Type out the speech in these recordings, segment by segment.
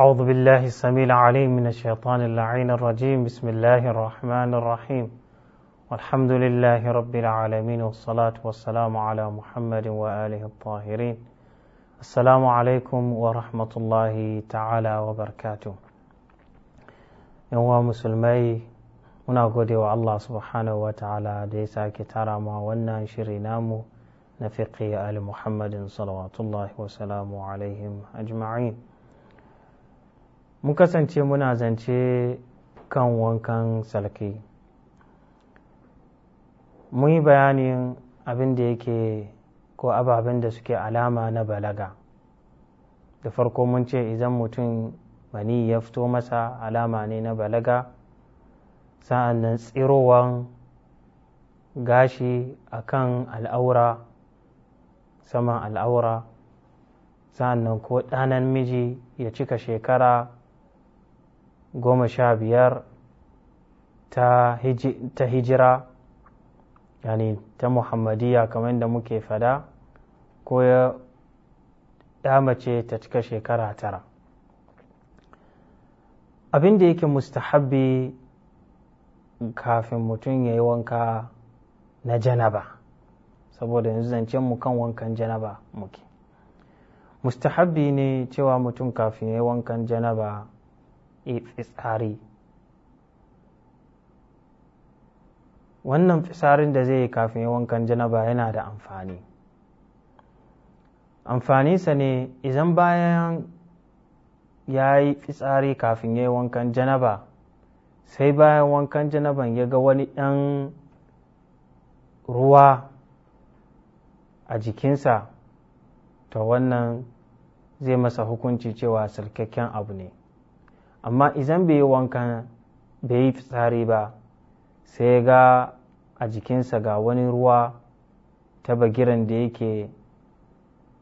أعوذ بالله السميع العليم من الشيطان اللعين الرجيم بسم الله الرحمن الرحيم والحمد لله رب العالمين والصلاة والسلام على محمد وآله الطاهرين السلام عليكم ورحمة الله تعالى وبركاته يوم مسلمي muna gode سبحانه وتعالى subhanahu wa ta'ala ما ونا sake tara ma wannan shiri namu na fiqi ali mun kasance muna zance kan wankan salki mun yi bayanin abin da yake ko ababen da suke alama na balaga da farko mun ce idan mutum mani ya fito masa alama ne na balaga sa'an nan tsirowan gashi a kan al'aura saman al'aura sa'an nan ko ɗanan miji ya cika shekara goma sha biyar ta hijira yani ta muhammadiyya kamar da muke fada ko ya mace ta cika shekara tara abin da yake mustahabbi kafin mutum ya yi wanka na janaba saboda yanzu zancen mu kan wankan janaba muke mustahabbi ne cewa mutum kafin ya yi wankan janaba fitsari wannan fitsarin da zai yi kafin ya wankan janaba yana da amfani amfaninsa ne idan bayan ya yi fitsari kafin ya yi wankan janaba sai bayan wankan janaban ya ga wani ɗan ruwa a jikinsa ta wannan zai masa hukunci cewa sarkakken abu ne amma izan bai yi wankan bai yi fitsari ba sai ga a jikinsa ga wani ruwa ta bagiran da yake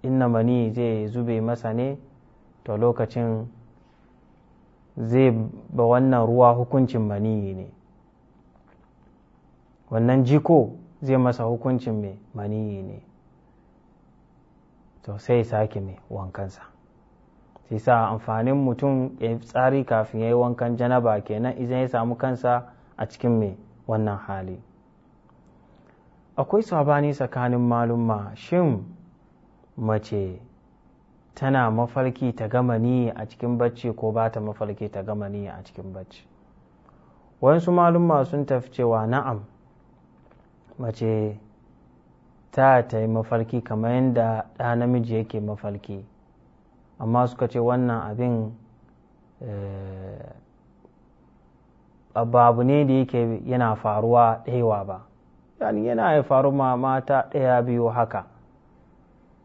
inna mani zai zube masa ne to lokacin zai ba wannan ruwa hukuncin mani ne wannan jiko zai masa hukuncin mani ne to sai sake mai wankansa shi sa amfanin mutum ya tsari kafin ya yi wankan janaba kenan idan ya samu kansa a cikin mai wannan hali akwai sabani tsakanin malumma shin mace tana mafarki ta gama ni a cikin bacci ko ba ta mafarki ta gama ni a cikin bacci wasu malumma sun tafi cewa na'am mace ta ta yi mafarki kamar yadda ɗa namiji yake mafarki amma suka ce wannan abin eh, babu ne da yake yana faruwa ɗaiwa ba yani yana ya faru ma mata ɗaya biyu haka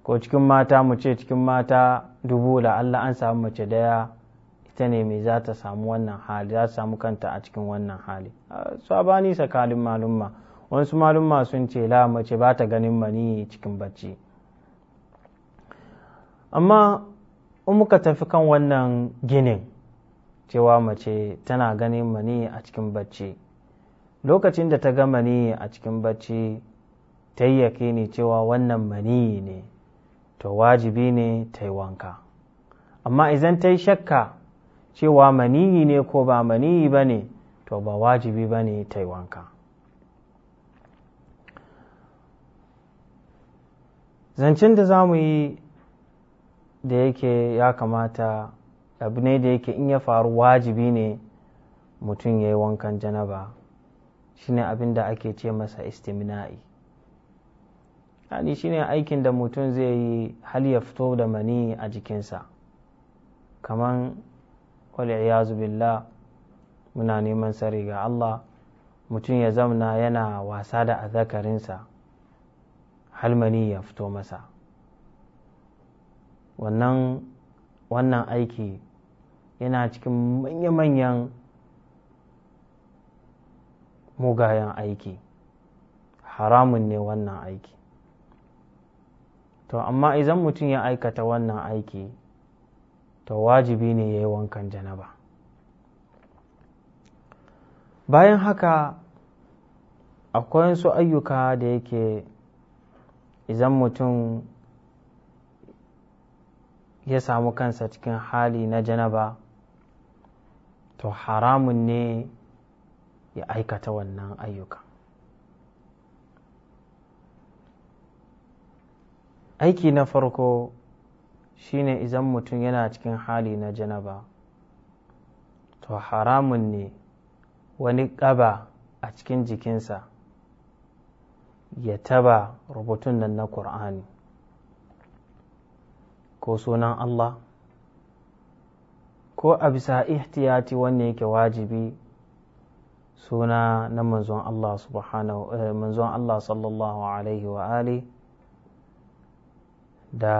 ko cikin mata mu ce cikin mata dubu da Allah an samu mace daya ita ne mai za ta samu wannan hali za ta samu kanta a cikin wannan hali sabani sakalin malumma wasu malumma sun ce la mace ba ta ganin mani cikin bacci amma in muka tafi kan wannan ginin cewa mace tana ganin mani a cikin bacci lokacin da ta ga mani a cikin bacci ta yi ne cewa wannan mani ne to wajibi ne ta yi wanka amma idan ta yi shakka cewa maniyi ne ko ba maniyi ba ne to ba wajibi ba ne ta yi wanka zancen da za mu yi da yake ya kamata abu ne da yake in ya faru wajibi ne mutum ya yi wankan janaba shine abin da ake ce masa istimina'i yani shine aikin da mutum zai yi hal ya fito da mani a jikinsa kaman waliyazu billah muna neman sari ga Allah mutum ya zamna yana wasa da azakarinsa hal mani ya fito masa wannan wannan aiki yana cikin manya-manyan mugayen aiki haramun ne wannan aiki to amma idan mutum ya aikata wannan aiki to wajibi ne ya yi wankan janaba bayan haka akwai su ayyuka da yake idan mutum ya samu kansa cikin hali na janaba to haramun ne ya aikata wannan ayyuka aiki na farko shine idan mutum yana cikin hali na janaba to haramun ne wani ƙaba a cikin jikinsa ya taba rubutun nan na ƙur'ani ko sunan Allah ko a bisa ihtiyati wanne yake wajibi suna na manzon Allah subhanahu eh, manzon Allah sallallahu alaihi wa ali da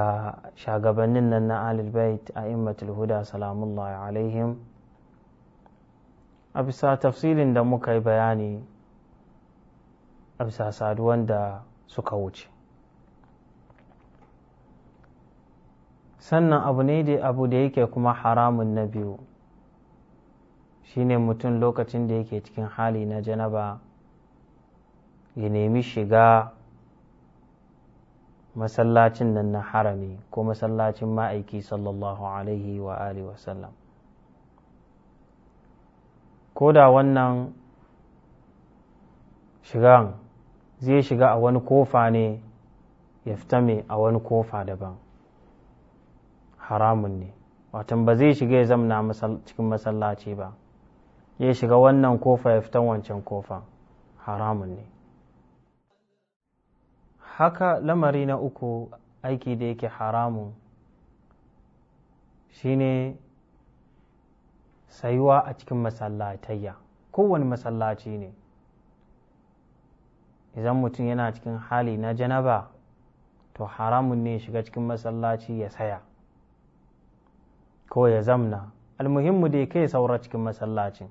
shagabannin nan na Ahlul a immatul huda salamullahi alaihim a bisa tafsirin da muka yi bayani a bisa saduwan da suka wuce sannan abu ne da abu da yake kuma haramun na biyu shine mutum lokacin da yake cikin hali na janaba ya nemi shiga masallacin nan na harami ko masallacin ma'aiki sallallahu alaihi wa alihi wasallam ko da wannan shigan zai shiga a wani kofa ne ya fita mai a wani kofa daban haramun ne watan ba zai shiga ya zamna cikin masallaci ba ya shiga wannan kofa ya fitan wancan kofa haramun ne haka lamari na uku aiki da yake haramun shine sayuwa a cikin masallatayya kowane masallaci ne idan mutum yana cikin hali na janaba to haramun ne shiga cikin masallaci ya saya ko ya zamna almuhimmu dai kai saura cikin masallacin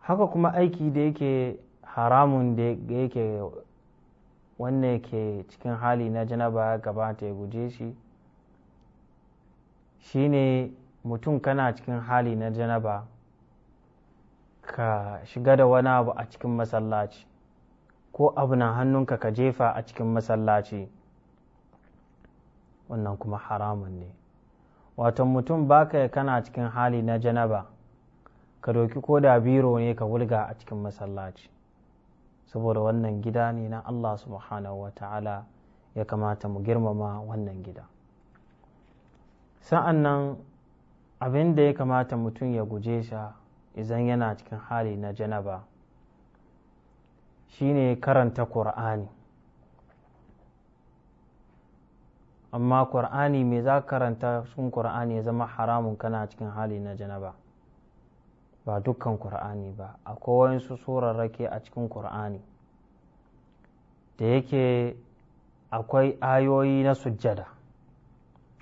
haka kuma aiki da yake haramun da yake wanne ke cikin hali na janaba ya gabata ya guje shi shine mutum kana cikin hali na janaba ka shiga da wani abu a cikin masallaci ko abu na hannunka ka jefa a cikin masallaci wannan kuma haramun ne wato mutum baka ya kana cikin hali na janaba ka doki ko da biro ne ka wulga a cikin masallaci saboda wannan gida ne na Allah subhanahu wa ta'ala ya kamata mu girmama wannan gida sa'an nan abin da ya kamata mutum ya guje sha idan yana cikin hali na janaba shine karanta ƙur'ani amma ƙur'ani me za karanta cikin ƙur'ani ya zama haramun kana cikin hali na janaba ba dukkan ƙur'ani ba akwai wayansu surarrake a cikin ƙur'ani da yake akwai ayoyi na sujjada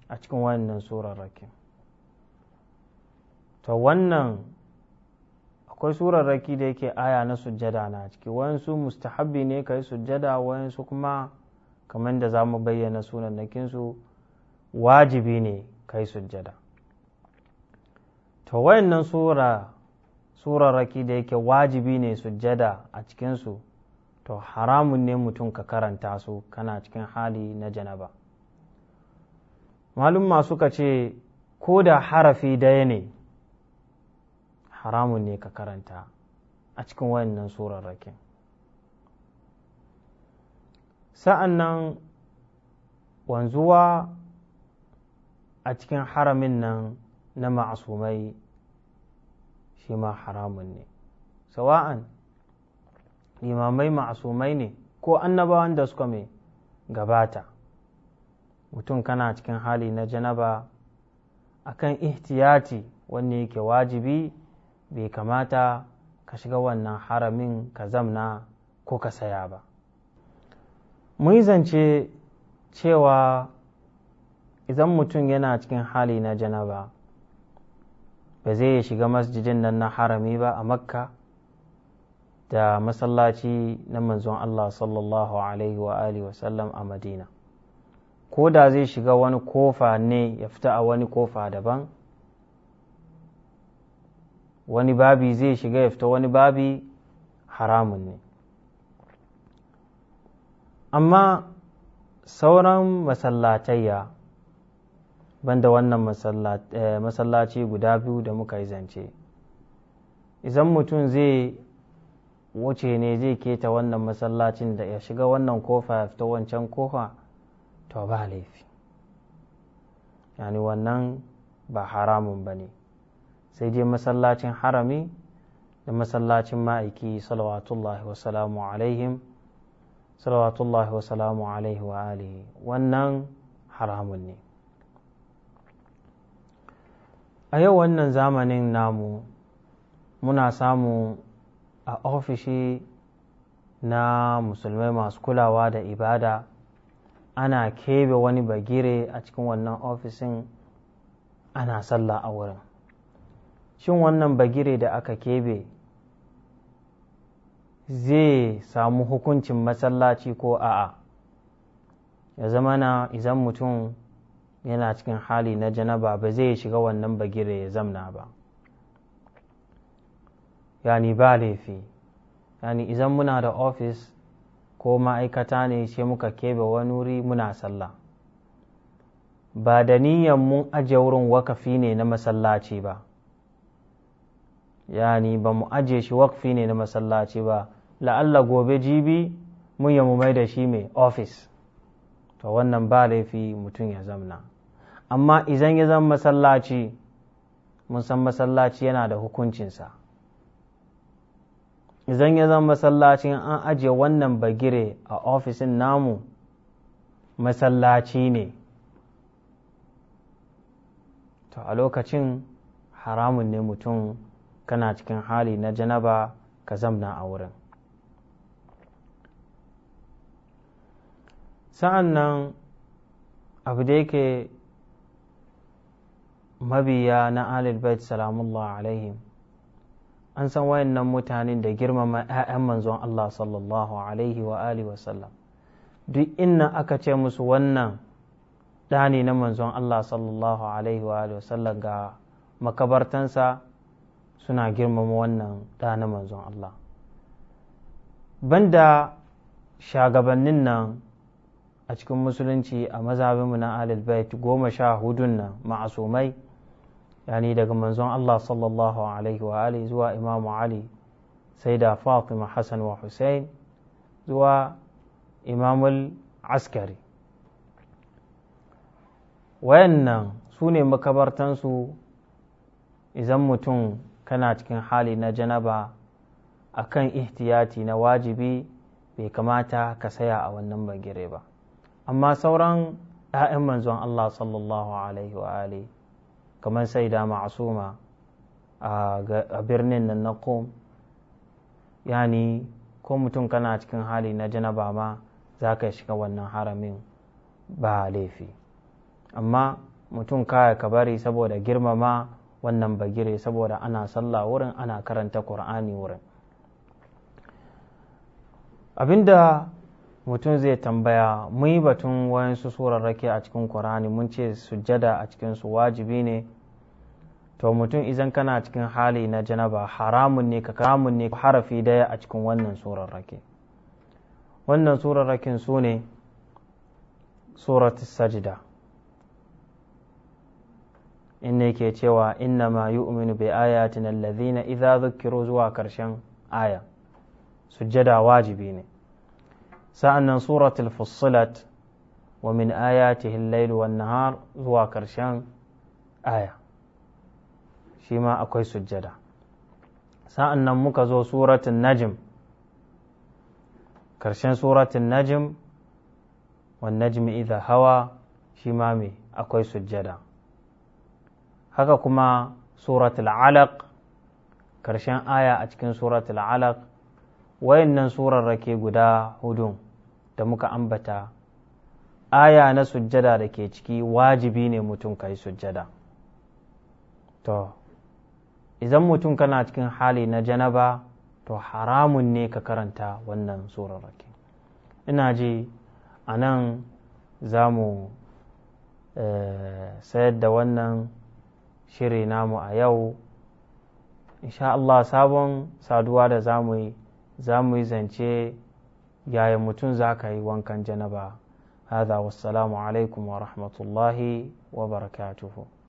a cikin wannan surarrakin to wannan akwai surarraki da yake aya na sujjada na ciki wayansu mustahabbi ne ka yi sujjada wayansu kuma kamar da za mu bayyana sunannakinsu wajibi ne kai sujjada to wayannan sura surarraki da yake wajibi ne sujjada a cikinsu to haramun ne mutum ka karanta su kana cikin hali na janaba malumma suka ce ko da harafi daya ne haramun ne ka karanta a cikin wayannan surarrakin sa'an nan wanzuwa a cikin haramin nan na ma'asumai shi ma haramun ne sawa'an limamai ma'asumai ne ko annabawan da suka mai gabata mutum kana cikin hali na janaba akan ihtiyati wanne yake wajibi bai kamata ka shiga wannan haramin ka zamna ko ka saya ba mun zance cewa idan mutum yana cikin hali na janaba ba zai shiga masjidin nan na harami ba a makka da masallaci na manzon Allah sallallahu alaihi wa alihi wasallam a madina ko da zai shiga wani kofa ne ya fita a wani kofa daban wani babi zai shiga ya fita wani babi haramun ne amma sauran masallatayya banda wannan eh, masallaci guda biyu da muka yi zance idan mutum zai wuce ne zai keta wannan masallacin da ya shiga wannan kofa ya fita wancan kofa to ba laifi yani wannan ba haramun ba ne sai dai masallacin harami da masallacin ma'aiki salawatullahi wasalamu alaihim salawatullahi wa salamu alaihi wa alihi wannan haramun ne a yau wannan zamanin namu muna samu a ofishi na musulmai masu kulawa da ibada ana kebe wani bagire a cikin wannan ofishin ana sallah a wurin shin wannan bagire da aka kebe zai samu hukuncin masallaci ko a'a ya zama na izan mutum yana cikin hali na janaba ba zai shiga wannan bagire ya zamna ba yani ba laifi yani izan muna da ofis ko ma'aikata ne sai muka kebe wani wuri muna sallah ba da niyan mun ajiye wurin wakafi ne na masallaci ba yani ba mu ajiye shi wakfi ne na masallaci ba la'alla gobe jibi mun yi mai da shi mai ofis to wannan ba laifi mutum ya zamna amma izan ya zama masallaci mun san masallaci yana da hukuncinsa izan ya zama masallaci an ajiye wannan bagire a ofisin namu masallaci ne to a lokacin haramun ne mutum kana cikin hali na janaba ka zamna a wurin sa'an nan abu da yake mabiya na alilbait salamullah alaihim an san wayannan mutanen da girmama 'ya'yan manzon Allah sallallahu alaihi wa alihi wasallam duk inna aka ce musu wannan ɗani na manzon Allah sallallahu alaihi wa alihi wasallam ga makabartansa suna girmama wannan ɗa na manzon Allah banda shagabannin nan a cikin musulunci a mu na alilbait goma sha hudun nan ma'asumai yani daga manzon Allah sallallahu alaihi wa ali zuwa imamu ali sai da fatima hassan wa hussein zuwa imamul askari wayannan su ne makabartansu idan mutum kana cikin hali na janaba a kan ihtiyati na wajibi bai kamata ka saya a wannan bagire ba amma sauran 'ya'yan manzon Allah sallallahu alaihi wa ali kamar sai da ma'asuma a birnin nan na kom yani ko mutum kana cikin hali na janaba ma za ka shiga wannan haramin ba laifi amma mutum kaya ka bari saboda girmama wannan bagire saboda ana sallah wurin ana karanta ƙur'ani wurin abinda mutum zai tambaya mu yi batun wayansu surarraki a cikin ƙur'ani mun ce sujjada a cikinsu wajibi ne to mutum izan kana cikin hali na janaba haramun ne ka haramun ne harafi daya a cikin wannan surarraki wannan surarrakin su ne suratul sajda in ne ke cewa inna ma yu'minu bi ayatina allazina idza zukkiru zuwa karshen aya sujjada wajibi ne sa'annan suratul fussilat wa min ayatihi al-layl wan nahar zuwa karshen aya shi ma akwai sujjada sa'annan muka zo suratul najm karshen suratul najm wan najmi idha hawa shi ma me akwai sujjada haka kuma suratul alaq karshen aya a cikin suratul alaq wayannan surarrake guda hudun da muka ambata aya na sujjada da ke ciki wajibi ne mutum ka yi sujjada to idan mutum kana cikin hali na janaba to haramun ne ka karanta wannan surarrake ina ji a nan za mu eh, sayar da wannan shiri namu a yau insha Allah sabon saduwa da za mu yi zamu yi zance yaya mutum za ka yi wankan janaba hada wassalamu alaikum wa rahmatullahi wa barakatuhu